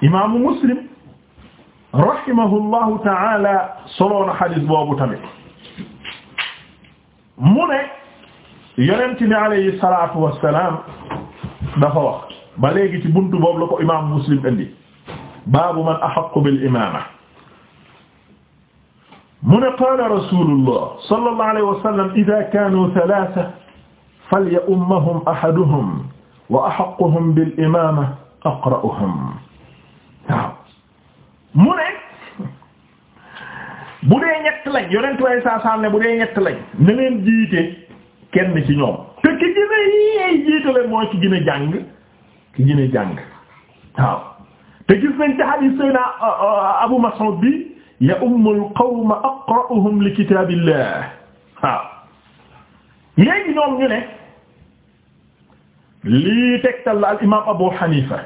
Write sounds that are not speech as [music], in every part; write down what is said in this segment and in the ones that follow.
imaamu muslim rahimahullahu taala soloona xadis boobu tamit mu ne yonent bi alayhi salaatu wassalaam dafa wax ba léegi ci buntu boobu la ko imaamu muslim indi baabu man ahaqqu bil imaama mu ne qaala rasulullah sallallahu alayhi wa sallam idaa kaanuu salaasa falya ummahum ahaduhum wa ahaquhum bil imaama aqra'uhum mu ne bu dee ñett lañ yonent way saa saam ne bu dee ñett lañ ne leen jiite kenn ci ñoom te ki gën a yeey jiite mooy ki gën jàng ki gën jàng waaw te gis nañ ci hadith sayna euh, euh, Abu Mas'ud bi ya ummul qawma aqra'uhum li kitaabillah waaw léegi ñoom ñu ne lii tegtal la al imaam Abu Hanifa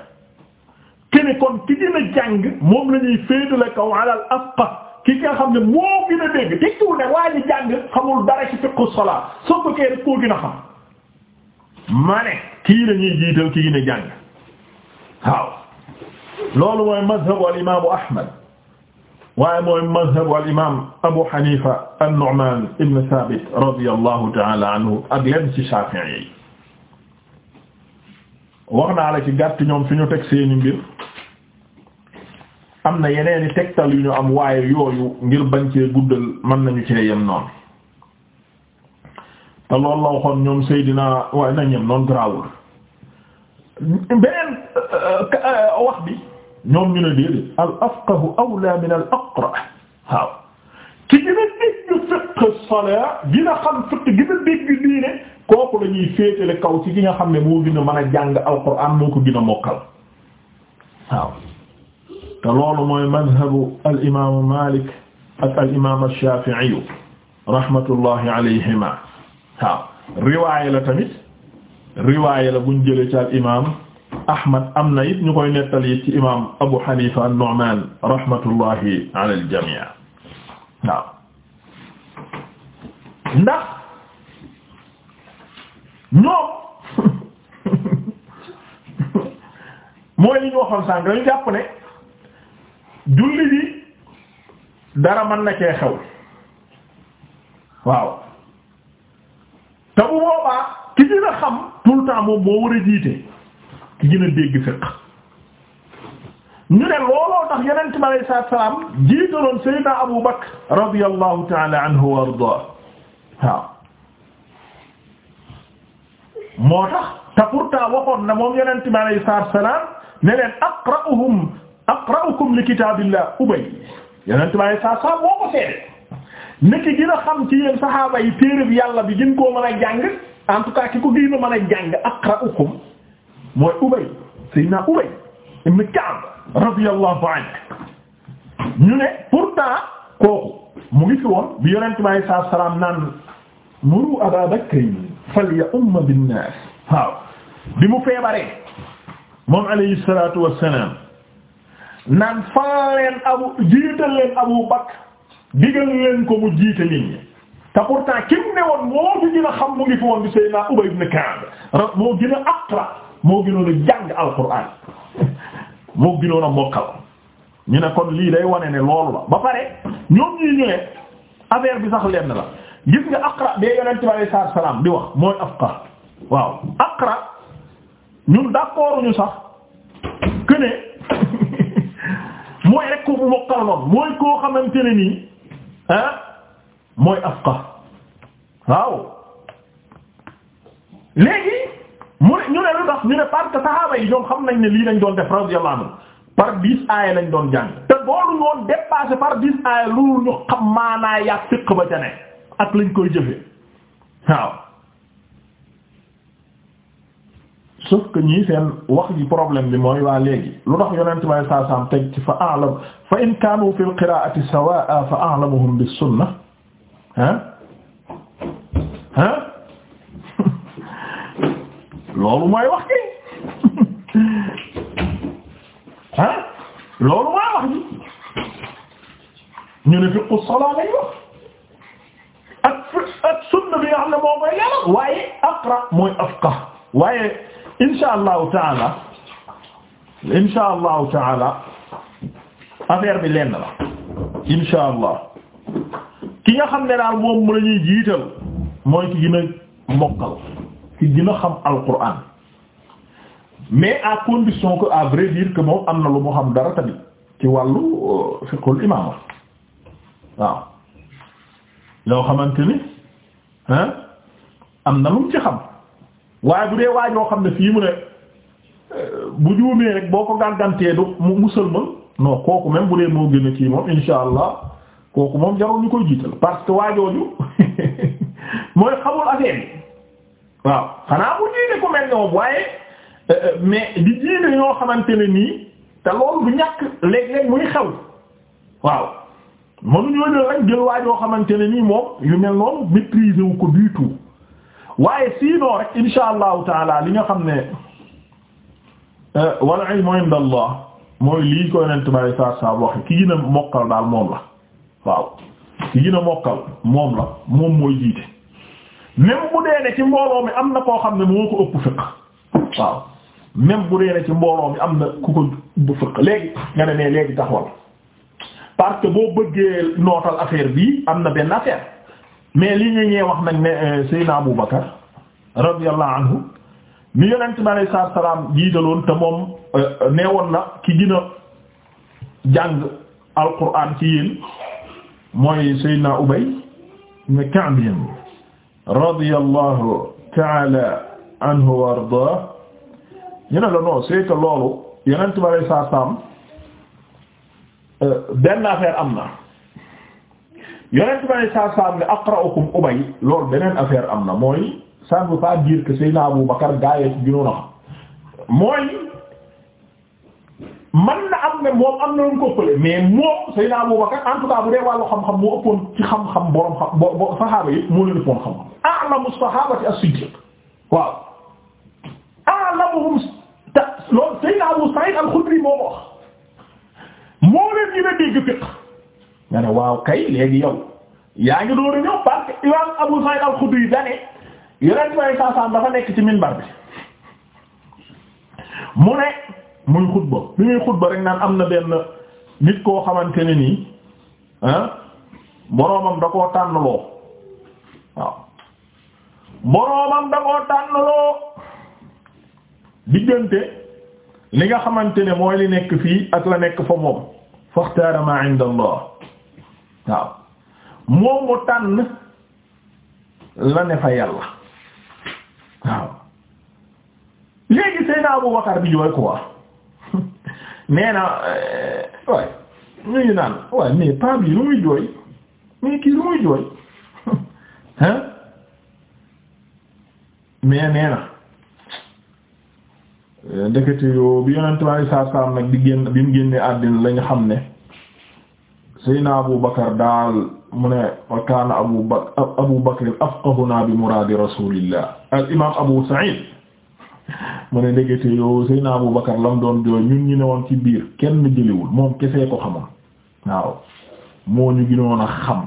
ne kon ki gën a jàng moom la ñuy féetale kaw alal afqa ki nga xam ne moo gën a dégg tekkiwul ne waa ji jàng xamul dara ci fiqhu salaa soo ko kee rek koo gën a xam ma ne kii la ñuy jiital ki gën a jàng waaw loolu mooy mazhabu al imaamu Ahmad waaye mooy mazhabu al imaam Abu Hanifa an-Nu'man ibn Thabit radiyallahu ta'ala anhu ak lenn ci Shafi'i yi wax naa la ci gàtt ñoom fi ñu teg seeni mbir. am na yeneeni tegtal yu ñu am waaye yooyu ngir bañ cee guddal mën nañu cee yem noonu te loolu la waxoon ñoom Seydina waaye nañ yem noonu garaawul beneen euh, wax bi ñoom ñu ne déedéet al afqahu awla min al aqra waaw ki gën a dégg fiqh salat xam fiqh gën a dégg diine kooku lañuy ñuy féetale kaw ci ki nga xam ne moo gën a mën a jàng alquran moo ko gën a mokkal waaw te loolu mooy madhabu al imaamu Malik ak al imaam Shaafi'i rahmatullahi alayhima waaw riwaay la tamit riwaay la buñ jëlee ci al imaam Ahmad am na it ñu koy nettali ci imaam Abu Hanifa an-Nu'man rahmatullahi ala al-jamii waaw ndax ñoom [laughs] mooy li ñu waxoon sànq dañu jàpp ne. julli bi dara mën na cee xew waaw te bu boobaa ki gën a xam tout le moo war jiite ki gën a dégg fiq ñu ne looloo tax yonent bi alayhi salaatu salaam jiitaloon Seydina Abu Bakr radiyallahu ta'ala anhu wa ardaa moo tax te pourtant waxoon na moom yonent bi alayhi salaam ne aqra'uhum aqra'ukum li kitaabillah ubay yeneen tubaab yi saa saa boo ko seetee nit ki dina xam ci yéen saxaaba yi téereb yàlla bi gën koo mën a jàng en tout cas ki ko gën a mën a jàng aqra'ukum mooy ubay sayyidina ubay ibn Ka'b radiyallahu anhu ñu ne pourtant kooku mu ngi fi woon bi yonent bi alayhi salaatu salaam naan muru Abaa Bakrin falya'umma bin-naas waaw bi mu feebaree moom alayhi salaatu wa salaam naan faa leen abu jiital leen abu bakr digal leen ko mu jiite nit ñi te pourtant kim ne woon moo fi gën a xam mu ngi fi woon di Seydina Ubay ibn Ka'b moo gën a aqra moo gënoon a jàng alquran [laughs] moo gënoon a mokkal ñu ne kon lii day wane ne loolu la ba pare ñoom ñii ñu ne affaire bi sax lenn la gis nga aqra bee yonent bi alayhi salaatu salaam di wax mooy afqar waaw aqra ñun d'accord sax que mooy rek ko mokkal noonu mooy koo xamante ne nii ah mooy afqa waaw léegi mu ne ñu ne lu que saxaaba yi xam nañ ne lii lañ doon def radiyallahu anhu par dix aaya lañ doon jàng te boolu ñoon dépassé par dix aaya loolu ñu xam maanaa fiq ba ca ak lañ koy jëfe waaw sauf que ñii seen wax ji problème bi mooy waa léegi lu tax yonent may saa saam teg ci fa a'lam fa in kaanu fil qiraa'ati sawaa'a fa a'lamuhum bis sunna ah ah [laughs] loolu mooy wax ji ah [laughs] loolu mooy wax ji ñu ne fiqhu salaa lay wax ak ak sunna bi nga xam ne moo koy leeral waaye aqra mooy afqah waaye insha allahu taala insha allahu taala affaire bi lenn la insha allah ki nga xam ne daal moom mu la ñuy jiital mooy ki gën mokkal ki gën a xam alquran mais à condition que à vrai dire que moom am na lu mu xam dara tamit ci wàllu euh, fiqhul imaama waaw loo xamante ni hein am na lu mu ci xam waaye bu dee waa ñoo xam ne fii mu ne bu juumee rek boo ko gàggantee du mu musalmal non kooku même bu dee moo gën a kii moom insha allah kooku moom jarul ñu koy jiital parce que waa jooju [laughs] mooy xamul affaire waaw xanaa bu jiite ku mel noonu waaye euh, euh, mais di jiite ñoo xamante ne nii te loolu du ñàkk léeg-léeg muy xew waaw mënuñoo jël rek jël waa joo xamante ne nii moom yu mel noonu maîtriser wu ko du tout. waaye sinon rek insha allahu taala li nga xam ne eh, wal ilmu inda allah mooy lii koy nent bàyyi sar sab waxe ki gën a mokkal daal moom la waaw ki gën a mokkal moom la moom mooy jiite même bu dee ci mbooloo mi am na koo xam ne moo ko ëpp fiq waaw même bu dee ne ci mbooloo mi am na ku ko ëpp fiq léegi nga ne ne léegi taxawal parce que boo bëggee nootal affaire bii am na benn affaire mais li ñu ñee wax nag ne euh, Seydina Abu Bakar radiyallahu anhu mi yonent bi alayhi salaatu salaam jiitaloon te moom euh, nee ki gën a jàng alquran ci mooy Seydina Ubay ibn Ka'b radiyallahu ta'ala anhu wa ardaah ñu ne la non c'est que loolu yonent bi yonent bi alayhi salaatu salaam ne aqra'ukum Ubay loolu beneen affaire am na mooy ça ne veut pas dire que Seydina Abu Bakar gaayee ci gënoon a xam mooy man na am ne moom am na lu ko ëppale mais moom Seydina Abu Bakar en tout cas bu dee wàllu xam-xam moo ëppoon ci xam-xam borom xam bo saxaaba yi moo leen ëppoon xam-xam a'lamu saxaabati as-Siddiq waaw a'lamuhum ta loolu Seydina Abu Sa'id al-Khudri moo wax moo leen ñu ne dégg fiqh nga ne waaw kay léegi yow yaa ngi dooru ñëw parce que imam Abu Sa'id al-Khudri dane yonent bi saa saam dafa nekk ci minbar bi mu ne muy xutba bi muy xutba rek naan am na benn nit koo xamante ne nii ah, boroomam da koo tànnloo waaw boroomam da koo tànnloo diggante li nga xamante ne mooy li nekk fii ak la nekk fa moom faxtaara ma inda Allah waaw moom mu tànn la ne fa yàlla waaw léegi Seydina Abu Bakar bi jooy quoi [laughs] nee na eh, waay ñu ngi naan waay mais paa bi lu muy jooy mais kii lu muy jooy [laughs] hein mais nee na eh, ndekete yoo bi yonentu Yàlla saa saa nag di génn bi mu génnee àddina lañu xam ne Seydina Abu Bakar daal mu ne wa kaana Abu Bakr Abu Bakr afqahuna bi muraadi rasulillah al imaam Abu Sa'id mu ne ndekete yow Seydina Abu Bakar lam doon jooy ñun ñu ne woon ci biir kenn jëliwul moom kese ko xamoon waaw moo ñu gënoon a xam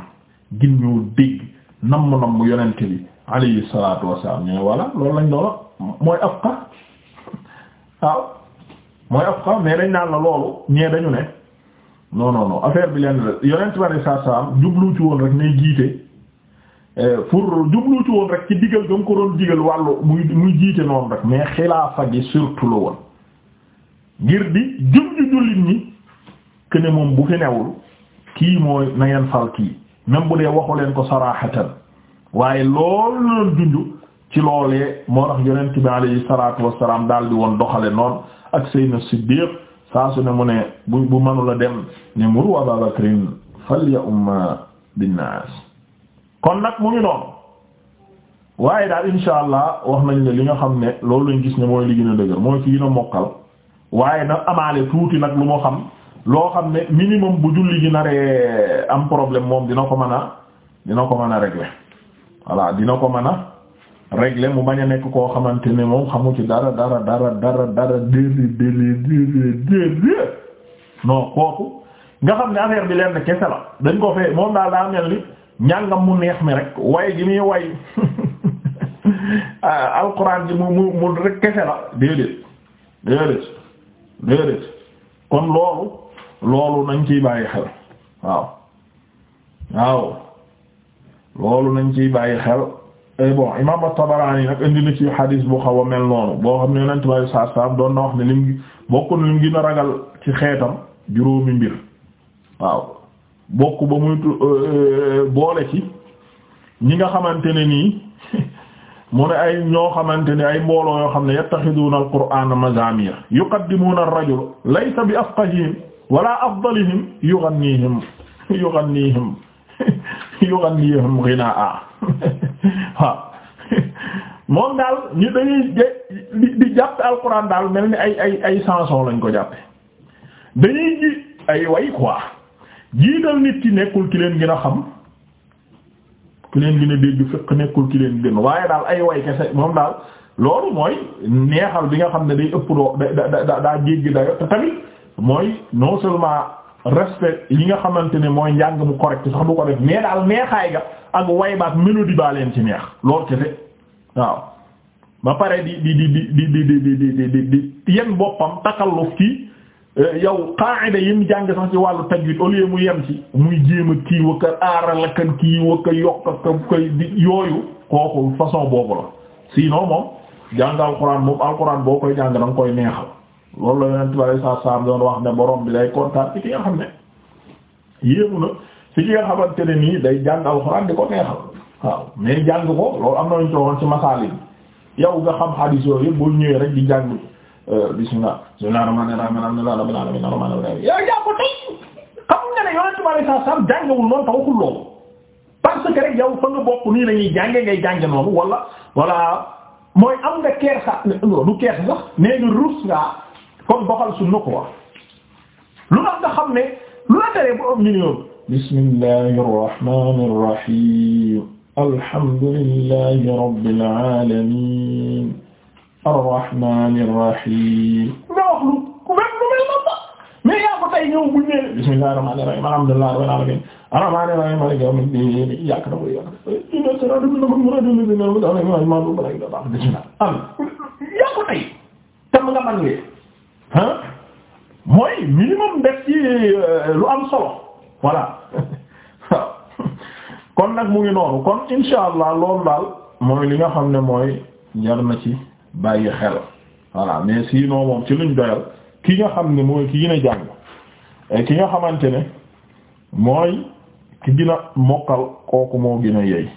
gin ñoo dégg nam nam yonent bi alayhi salaatu wassalaam ñooy voilà loolu lañ doon mooy afqa waaw mooy afqa mais dañ naan la loolu ñee dañu ne. non non non affaire bi leen yonent bi saa saa jublu ci woon rek nay jiite eh, pour jublu ci woon rek ci digal ga mu ko doon digal wàllu muy muy jiite noonu rek mais xilaafa gi surtout la woon ngir di jub ju jullit ñi moom bu fi newul kii mooy nangeen ngeen fal kii même bu dee waxu leen ko saraaxatan waaye loolu la doon junj ci loolee moo tax yonent bi alayhi salaatu wassalaam daal di woon doxale noonu ak Seydina Siddiq saa su ne mu ne bu bu manula dem ne muru Abaa Bakrin falya umma binnaas kon nag mu ngi noonu waaye daal insha allah wax nañ ne li nga xam ne loolu lañ gis ne mooy li gën a dëgër mooy ki gën mokkal waaye nag amaale tuuti nag lu ma xam loo xam ne minimum bu julli gi naree am problème moom dina ko mën a dina ko mën a régler voilà dina ko mën a régler mu bañ a nekk koo xamante ne moom xamu ci dara dara dara dara dara déedéet déedéet déedéet non kooku nga xam ne affaire bi leen kese la dañ ko fee moom daal daa mel ni ñàngam mu neex mi rek way gi muy way [laughs] ah, alxuraan ji mu mu mu kese la déedéet déedéet déedéet kon loolu loolu nañ ciy bàyyi xel waaw waaw loolu nañ ciy bàyyi xel Eh, bon imaam at-Tabarani nag indi na ci xadis bu xaw a mel noonu boo xam ne yonent bi saa saam doon na wax ne lim bokk na lim gën a ragal ci xeetam juróomi mbir waaw bokk ba muy euh, euh, boole ci ñi nga xamante ne nii [laughs] mu ne ay ñoo xamante ne ay mbooloo yoo xam ne yattaxiduuna al-Qur'aana mazaamir yuqaddimuuna ar-rajul laysa bi afqahihim wala afdalihim yughannihim [laughs] yughannihim [laughs] yughannihim ghinaa'a waaw moom daal ñu dañuy di jàpp alxuraan daal mel ni ay ay ay chanson lañ ko jàppe dañuy ji ay way quoi jiital nit ki nekkul ki leen gën a xam ki leen gën a dégg fekk nekkul ki leen gën waaye daal ay way kese moom daal loolu mooy neexal bi nga xam ne day ëpp doo da da da daa jéggi dayo te tamit mooy non seulement respect yi nga xamante ne mooy njàng mu correct sax du ko def mais daal neexaay ga ak waybaat mélodie baa leen ci neex lool kese waaw ba pare di di di di di di di di di yem boppam yow qaa'ida yi mu jàng sax ci wàllu tajwid au lieu mu yem ci muy jéem a kii wa ka aaral ak kii wa ka yokk ak koy yooyu kooku façon boobu la sinon moom jàng alxuraan moom alxuraan boo koy jàng danga koy neexal. loolu la yonent bi sallallahu alayhi doon wax ne borom bi lay kontaan ci ki nga xam ne yéemu na ci ki nga xamante ne nii day jàng ko neexal waaw mais jàng ko loolu am na ñu yow nga xam xadiis yooyu yëpp boo rek di jàng euh, bismillah bismillah rahmaani rahiim alhamdulillahi rabbil aalamiin arrahmaani rahiim yow yaa ko tey xam nga ne yonent bi sallallahu alayhi taw waxul loolu parce que rek yow fa nga bokk nii la ñuy jànge ngay jànge noonu wala wala mooy am nga kersa du kersa sax nee nga rus ngaa kon doxal sunna ko wax lu tax nga xam ne lu la teree ba am million bismillahir rahmanir rahim alhamdulillahi rabbil alamin arrahmanir rahim nga wax lu même lu mel noonu la mais yaa ko tey ñëw buñ ne bismillahir rahmanir rahim alhamdulillahi rabbil alamin arrahmanir rahim maliki yawmid din yàq na ko yàq ina siraatal mustaqim ma ko tey tam nga man ah mooy minimum def ci euh, lu am solo voilà [laughs] kon nag mu ngi noonu kon insha allah loolu daal mooy li nga xam ne mooy jar na ci bàyyi xel voilà mais sinon moom ci luñ doyal ki nga xam ne mooy ki gën a jàng ki nga xamante ne mooy ki gën a mokkal kooku moo gën a yey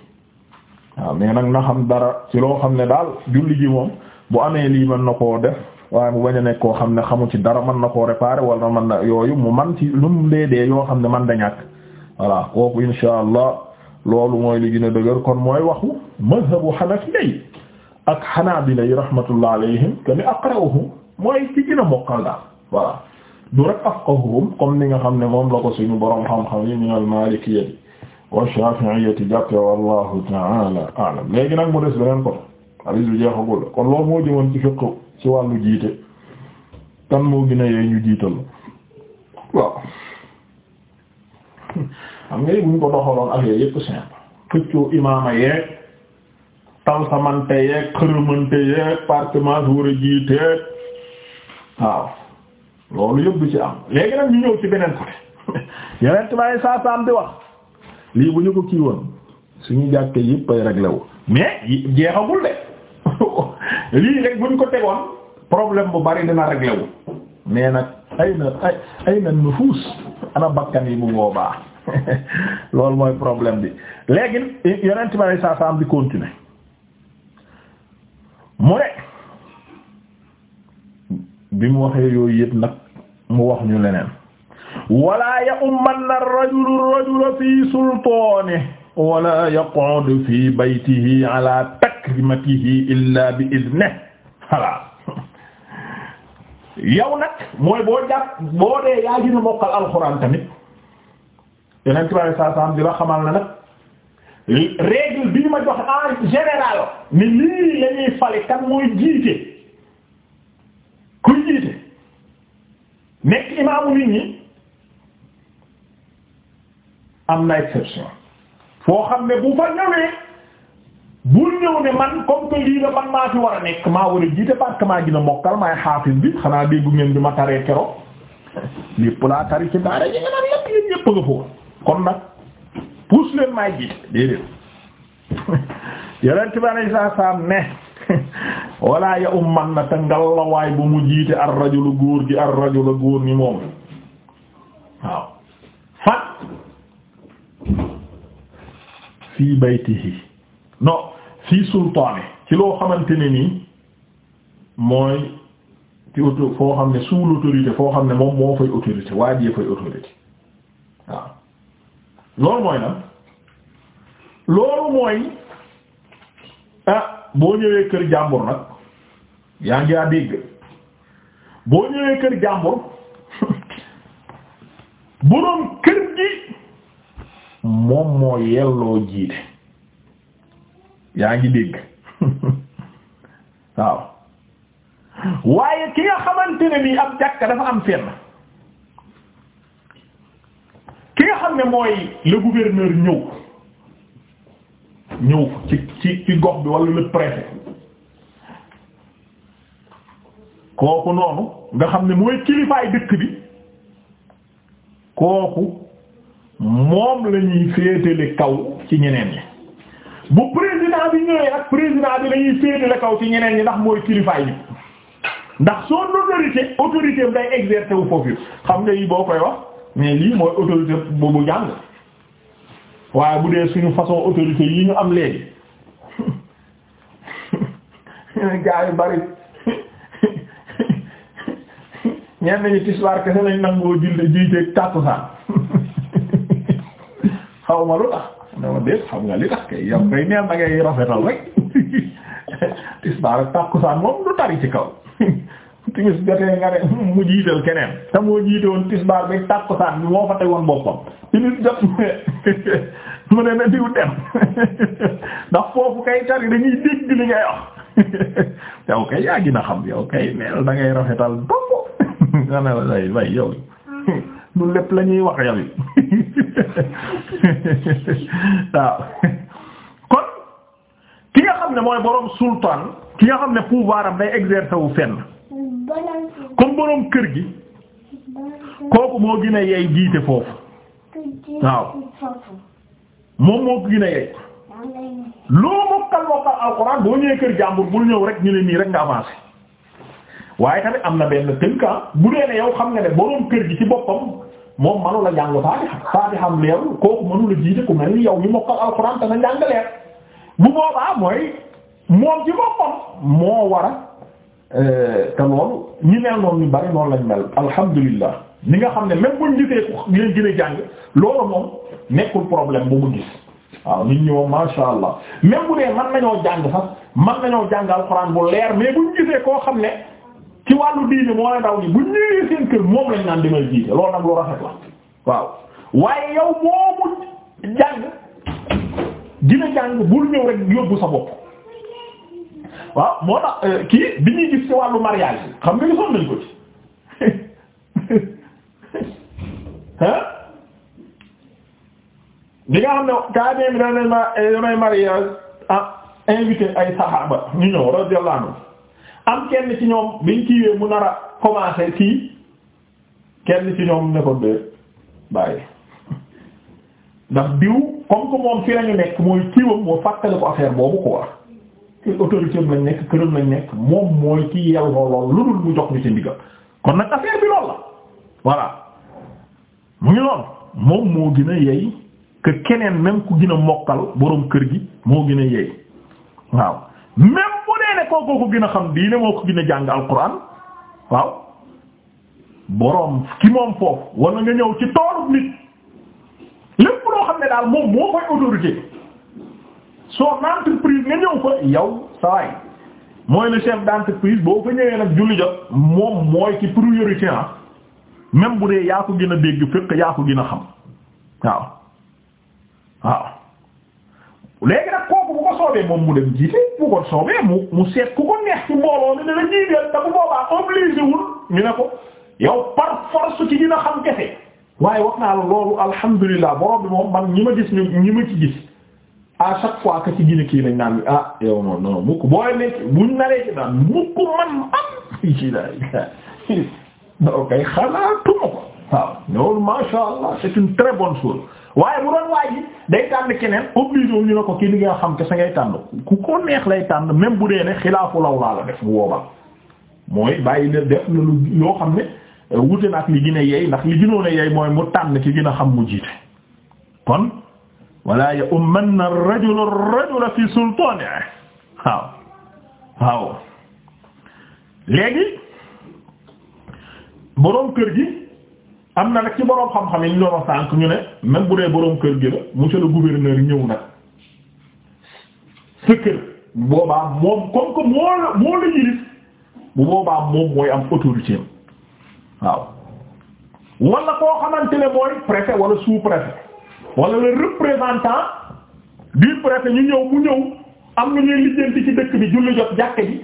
waaw mais nag na xam dara ci loo xam ne daal julli ji moom bu amee lii mën na koo def waaye mu bañ a nekk koo xam ne xamu ci dara mën na koo réparer wala man na yooyu mu man ci lu mu dee yoo xam ne man da ñàkk voilà kooku insha allah loolu mooy li gën a dëgër kon mooy waxu mazhabu hanafi ak hanabila yi rahmatullah alayhim kene aqra'uhum mooy ci gën a mokkal daal voilà du rek afqahuhum comme ni nga xam ne moom la ko suñu borom xam-xam yi min al-malikiyyati wa shafi'iyyati jàppe wallahu ta'ala a'lam léegi nag mu des beneen ko hadith bi jeexagul kon loolu moo jëmoon ci fiqh ci wàllu jiite kan moo gën a yee ñu jiital waaw xam nga buñ ko doxaloon ak yooyu yëpp simple imaama yeeg talsamante yeeg xërëmante yeeg partement war a jiite waaw loolu yëpp ci am léegi nag ñu ñëw ci beneen côté [laughs] yeneen tubaab yi saa saa di wax lii bu ñu ko kii woon suñu jàkkee yëpp ay réglé wu mais jeexagul de. [laughs] lii rek buñ ko tegoon problème bu bari dina réglé wu mais nag ay na ay ay na nufuus ana bakkan yi bu boobaa [laughs] loolu mooy problème bi léegi yonent bi alay saa salaam di continuer mu ne bi mu waxee yooyu yëpp nag mu wax ñu leneen wala ya umman na rajulu rajula fi sultaanihi wala yaqudu fi baytihi ala takrimatihi illa bi idnihi voilà yow nag mooy boo jàpp a mokkal alxuraan tamit yeneen tubaab yi saa saa am di la xamal na nag règle bi mooy jiite kuy jiite nekk am na exception. foo xam ne bu fa ñëwee bul ñëw ne man comme que lii la man maa fi war a nekk maa war a jiite parce maa gën a mokkal maay xaafis bi xanaa dégg ngeen bi ma taree keroog lépp laa tari ci daara yi nga naan lépp yéen ñépp nga foofu kon nag puus leen maay jiite déedéet [laughs] yeneen tubaab yi saa saa ne [laughs] walla ya um man na te ngalawaay bu mu jiite ar rajulu góor gi ar rajulu góor ni moom waaw fan fii baytihi non fii sultaane ci loo xamante ne nii mooy ci auto foo xam ne sous l'autorité foo xam ne moom moo fay autorité waa jee fay autorité waaw loolu mooy lan loolu mooy ah boo ñëwee kër jàmbur nag yaa ngi a dégg boo ñëwee kër jàmbur [laughs] boroom kër gi moom moo yelloo jiite yaa ngi dégg [laughs] waaw waaye ki nga xamante ne nii ab jàkka dafa am fenn ki nga xam ne mooy le gouverneur ñëw ñëw ci ci ci gox bi walla le préfet kooku noonu nga xam ne mooy kilifaay dëkk bi kooku moom la ñuy féetale kaw ci ñeneen ñi bu président bi ñëwee ak président bi la ñuy féetale kaw ci ñeneen ñi ndax mooy kilifaay bi ndax son autorité autorité day exercer wu foofu xam nga yi boo koy wax mais lii mooy autorité boobu jàng waaye bu dee suñu façon autorité yi ñu am léegi [laughs] gaa yu bari [laughs] ñenn ñi tisbaar kese lañ nangoo jiite tàkkusaan [laughs] xaw ma lu tax dama déet xam nga li tax kay yow ngay neen da rafetal rek [laughs] tisbaar ak tàkkusaan moom du tari ci kaw [laughs] timis jotee nga ne [laughs] mu jiital keneen te moo jiite woon tisbaar bi tàkkusaan bi moo fa teg woon boppam mu ne na diw dem ndax foofu kay tari dañuy dégg li ngay wax yow kay yaa gën a xam yow kay neel da rafetal dong nga ne la day bay yow nu lépp la ñuy wax yow [laughs] waaw kon ki nga xam ne mooy boroom sultaan ki nga xam ne pouvoir am day exercer wu comme boroom kër gi kooku moo gën a yey jiite foofu waaw moom moo gën a yey loo mokkal mokkal alxuraan boo ñëwee kër jàmbur bul ñëw rek ñu ne nii rek nga avancé waaye tamit am na benn tënka ah, bu dee ne yow xam nga ne boroom kër gi ci boppam moom manu a jàng faatiha faatiham leerul kooku mënu la jiite ku mel ni yow mi mokkal alxuraan te na leer bu boobaa mooy moom ci boppam moo war a euh, te loolu ñi mel noonu ñu bari noonu lañ mel alhamdulillah ñi nga xam ne même buñ gisee ku ngeen gën a jàng loolu moom nekkul problème bu mu gis waaw nit ñi moom masha Allah même bu dee mën nañoo jàng sax mën nañoo jàng alxuraan bu leer mais buñ gisee koo xam ne ci wàllu diine moo la daw ni bu ñëwee seen kër moom lañ naan demal jiite loolu nag lu rafet waaw waaye yow moomu jàng dina jàng bul ñëw rek yóbbu sa bopp waaw moo tax euh, kii bi ñuy gis ci wàllu mariage xam nga gisoon nañ ko ci [laughs] hein bi nga xam ne taabee bi eh, damay mariage ah invité ay saxaaba ñu ñëw radiyallahu anhu am kenn ci ñoom biñ kiiwee mu nar a commencer kii kenn ci ñoom ne ko dee bàyyi ndax diw comme que moom fi lañu nekk mooy kiiwam moo fàttali ko affaire boobu ko wax autorité am lañ nekk këram lañ nekk moom mooy ki yel lool lu dul mu jox ñu ci ndigal kon nag affaire bi lool la voilà mu ngi noonu moom moo gën a yey keneen même ku gën a mokkal boroom kër gi moo gën a yey waaw même bu dee ne kooku ko gën a xam ne moo ko gën a jàng alquran waaw boroom ki moom foofu war na nga ñëw ci toolu nit lépp loo xam ne daal moom moo koy autorité son entreprise nga ñëw fa yow sawaay mooy le chef d'entreprise boo fa ñëwee nag julli jot moom mooy ci priorité ah même bu dee yaa ko gën a dégg fekk yaa ko gën a xam waaw waaw léegi nag kooku bu ko soobee moom mu dem jiite bu ko soobee mu mu ku ko neex ci mbooloo mi ne la jiiteel te bu boobaa obligé wul ñu ne ko yow par force ci dina xam kese waaye wax naa la loolu alhamdulilah borom bi moom man ñi ma gis ñu ñi ma ci gis à chaque fois que ci gine kii lañ naan ah yow non non [laughs] ko waaw loolu masha Allah c'est une très bonne waaye bu doon waay day tànn keneen obligé wu ñu ko kii li nga xam kese ngay tànn ku ko neex lay tànn même bu dee ne xilaafu law laa la def bu boobaa mooy bàyyi leen def lu yoo xam ne euh, wute na ak li gën a yey ndax li gënoon a yey mooy mu tànn ci gën a xam mu jiite kon wala ya ummanna ar-rajulu ar-rajula fi sultanihi waaw waaw léegi boroom kër gi am na nag ci boroom xam-xam yi ñu doon ñu ne même bu dee boroom kër gi la monsieur le gouverneur ñëw nag sa kër boobaa moom comme que moo la moo bu boobaa moom mooy am autorité waaw wala koo xamante ne mooy préfet wala sous-préfet wala ñu ñëw mu ñëw am na ñuy ci dëkk bi julli jot jàkke ji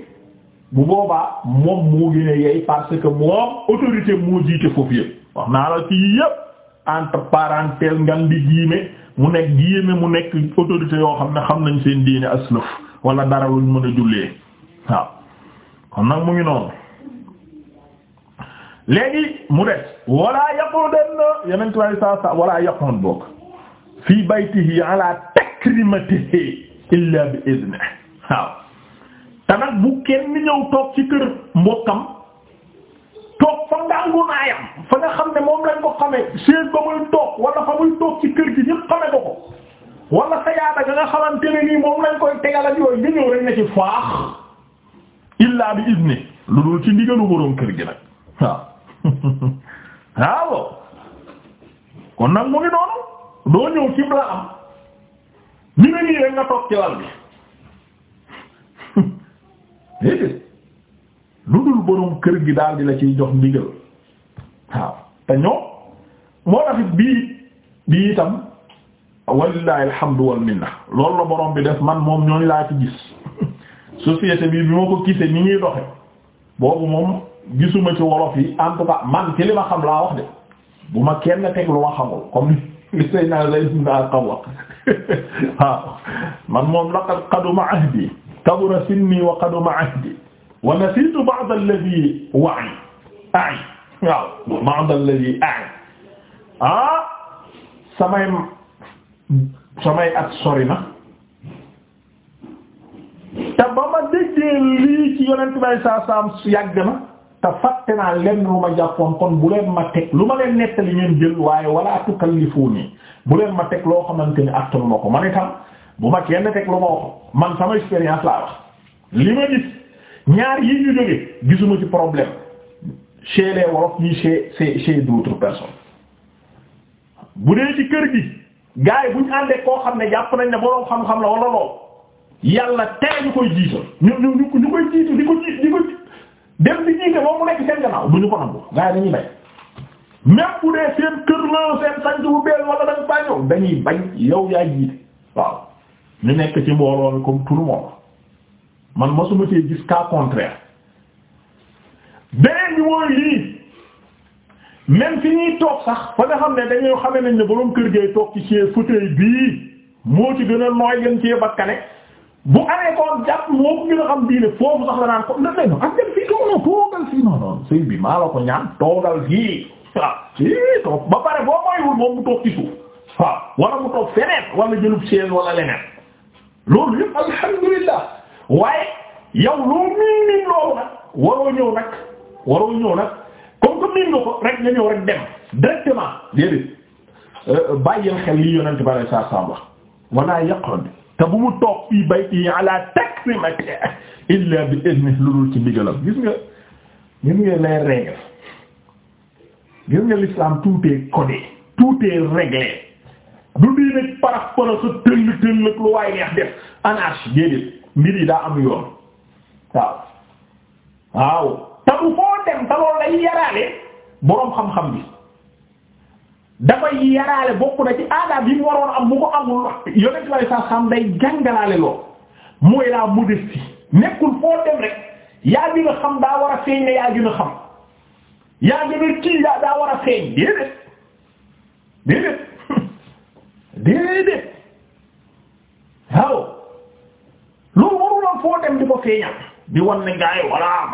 bu boobaa moom moo gën a yey parce que moom autorité moo jiite foofu yëpp wax naa la ci yëpp entre parenthèses ngan di mu nekk giime mu nekk autorité yoo xam ne xam nañ seen diine aslëf wala dara luñ mën a jullee waaw kon nag mu ngi noonu léegi mu des walaa yaqudanna yenent way sa sa walaa yaqud boog fii baytihi ala takrimatihi illa bi idnihi waaw te nag bu kenn ñëw toog ci kër mbokkam toog fa ngangu naayam fa xam ne moom lañ ko xamee seen ba muy toog wala fa muy toog ci kër gi ñëpp xame ko ko wala sa yaata nga xamante ne nii moom lañ koy tegal ak yooyu nga ñëw rek na ci faax illaa bi izni lu dul ci ndigalu boroom kër gi nag waaw [laughs] waaw kon nag mu ngi noonu doo ñëw ci la am ni nii rek nga toog ci lal bi [laughs] borom kër gi daal di la ciy jox ndigal waaw te ñoom moo taxit bii bii itam walillahi alhamdu wal minna la borom bi def man moom ñooñu laa ci gis [laughs] société bi bi ma ko gisee ni ñuy doxe boobu moom gisuma ci wolof yi en tout cas man ci xam laa wax de bu ma kenn teg lu ma xamul comme li say naa lay naa xaw wax [laughs] waaw man moom laqad qaduma ahdi kabura sinni wa qaduma ahdi wa nasiitu ba'd alladhi wa'i ay waaw ba'd alladhi ay ah samay samay at sori na te ba ma déggee lii ci yonent bay saa saam yàgg na te fàtte naa lenn lu ma jàppoon kon bu leen ma teg lu ma leen nettali ngeen jël waaye wala tukallifuuni bu leen ma teg loo xamante ni attanu ma ko man itam bu ma kenn teg lu ma wax man sama expérience laa wax li ma gis ñaar yi ñu jógee gisuma ci problème chez les wolof ñi chez chez chez d'autres bu dee ci kër gi gars buñ àndee koo xam ne jàpp nañ ne boroom xam-xam la wala lool yàlla tere ñu koy jiital ñu ñu ñu koy jiitu dem di jiite moom nekk seen gannaaw bu ñu ko nangu gars yi dañuy bay même bu dee seen kër la seen sant bu beel wala dañ bañ yow yaa jiite ñu nekk ci mbooloo comme tout le man masuma cee gis cas contraire beneen bi mooy lii même fi ñuy toog sax fa nga xam ne dañoo xame nañ ne boroom kër gay toog ci cee fauteuil bii moo ci gën a nooy gën cee bakkane bu amee koon jàpp moo ko gën a xam diine foofu sax la naan ko ndax day ak dem fii toog ba pare boo mooywul moom mu toog ci suuf waaw mu toog feneen wala jëlub seen wala leneen loolu yëpp alhamdulillah waaye yow loo miin miin loolu nag waroo ñëw nag waroo ñëw nag comme que miin nga ko rek nga ñëw rek dem directement déedéet euh, bàyyil xel yi yonent bi sallallahu alayhi wasallam wala yaqud te bu mu toog fii bayti ala takrimati illa bi izni lu dul ci ndigalam gis nga gis nga les règles gis nga l'islam tout est codé tout du diine parax parax sa tëll tëll lu waay neex def anarchie déedéet mbir yi daa am yoon waaw waaw te foo dem te loolu yaraale boroom xam-xam bi dafay yaraale bokk na ci aadaab yi mu waroon am bu ko amul yonent xam day jàngalaale lool mooy la modestie nekkul foo dem rek yaa gën a xam daa war a feeñ ne yaa gën a xam yaa gën a kii daa war a feeñ déedéet déedéet [laughs] déedéet waaw loolu waruloon foo dem di ko feeñal di wan ne gars yi man ah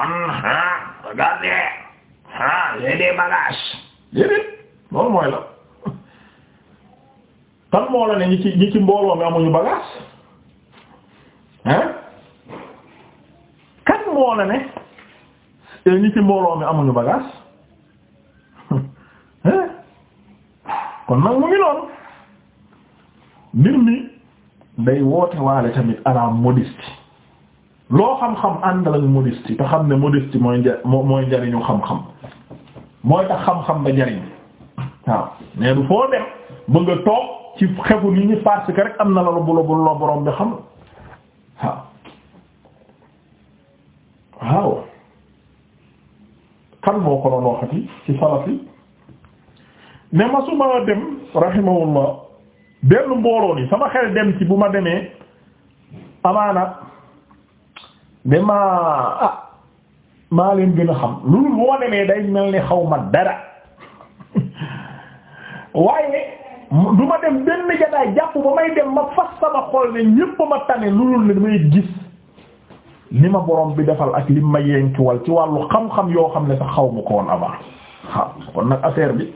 regardez ah j'ai des bagages déedéet loolu mooy la ne ñi ci ñi ci mbooloo mi amuñu bagage kan moo ne eh, ñi ci mbooloo mi amuñu bagage kon nag mu ngi noonu day woote waale tamit ala modestie loo xam-xam àndal ak modestie te xam ne modestie mooy nja mooy njariñu xam-xam mooy tax xam-xam ba njariñ waaw mais foo dem ba nga toog ci xefu nit ñi parce que rek am na la bu la la borom bi xam waaw waaw kan moo ko doon waxati ci salaf yi ne masuma dem rahimahullah benn mbooloo yi sama xel dem ci bu ma demee amaana ne maa ah maa leen gën a xam lu lu moo demee day mel ni xaw ma dara [laughs] waaye du ma dem benn jataay jàpp ba may dem ma fas sama xol ne ñépp ma tane lu lu damay gis ni ma borom bi defal ak li ma yenkiwal ci wàllu xam-xam yoo xam ne sax xaw ma ko woon avant waaw kon nag affaire bi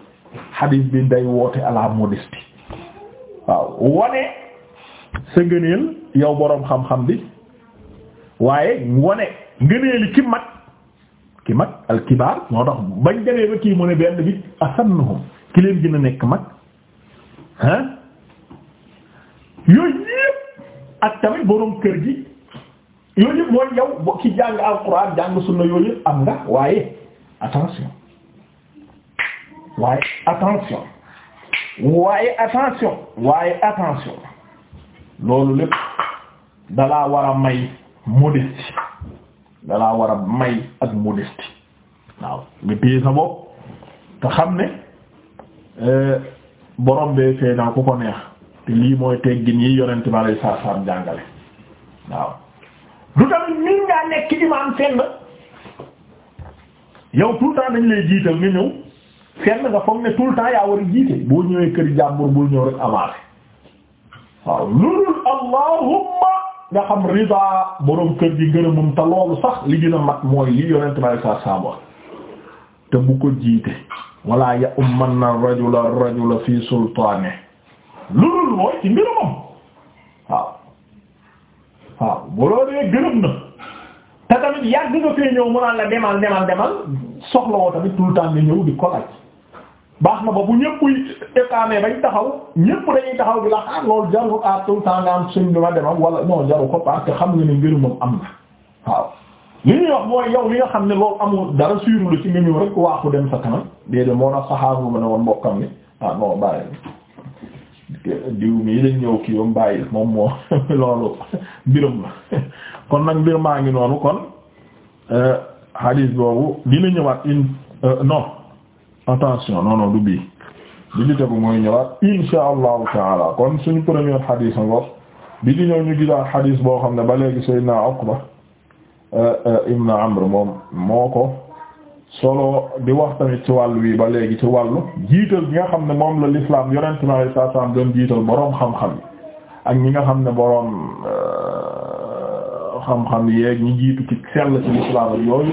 hadith bi day woote à la waaw wone sa ngëneel yow boroom xam-xam bi waaye wone ngëneeli ki mag ki mag al kibaar moo tax bañ demee ba kii mu ne benn bi asannuhum ki leen gën a nekk mag ah yooyu yëpp ak tamit boroom kër gi yooyu yëpp mooy yow bo ki jàng alxuraan jàng sunna yooyu am nga waaye attention waaye attention waaye attention waaye attention loolu lépp dalaa war a may modestie dalaa war a may ak modestie waaw nga téye sa bopp te xam ne euh, borom bee feeñal ku ko neex te lii mooy teggin yi yonent ma lay saa jàngale waaw du tamit miin ngaa nekk imaam fenn yow tout temps dañ lay jiital nga ñëw fenn nga foog ne tout yaa war a jiite boo ñëwee kër jàmbur bul ñëw rek avancé waaw loolu allahumma nga xam rida borom kër gi ngërëmam te loolu sax li gën a mat mooy li yonent bi saa saa te bu ko jiite wala ya ummanna rajula rajula fi sultaane loolu mooy ci ngërëmam waaw waaw bu loolee gërëm na te tamit yàgg nga fee ñëw mu naan la demal demal soxla woo tamit tout le ñëw di ko baax na ba bu ñëpp étané bañ taxaw ñëpp dañuy taxaw bi la xaar ah, loolu jarul à ah, tout suñ bi ma demam wala non jaru ko parce que xam nga ne mbiru moom am na waaw li ñuy wax mooy yow li nga xam ne loolu amul dara suiru la ci nga ñëw rek waaxu dem sa kanam déedé moo na saxaaru ma ne woon mbokkam ni ah non bàyyi diw mii moom moo [laughs] loolu mbiram la kon nag mbir maa ngi noonu kon euh, hadis boobu dina ñëwaat in euh, attention non du bii bi di tegu mooy ñëwaat insha allahu taala kon suñu premier hadith ngox bi di ñëw ñu gisaat hadith boo xam ne ba léegi sayyidina Uqba euh, euh, ibn Amr moom moo ko solo di wax tamit ci wàll wii ba léegi ci wàllu jiital bi nga xam ne moom la l'islam yonent mi alayhi salaam doon jiital boroom xam-xam yi ak ñi nga xam ne boroom euh, xam-xam yeeg ñi jiitu ci sell ci l'islam yooyu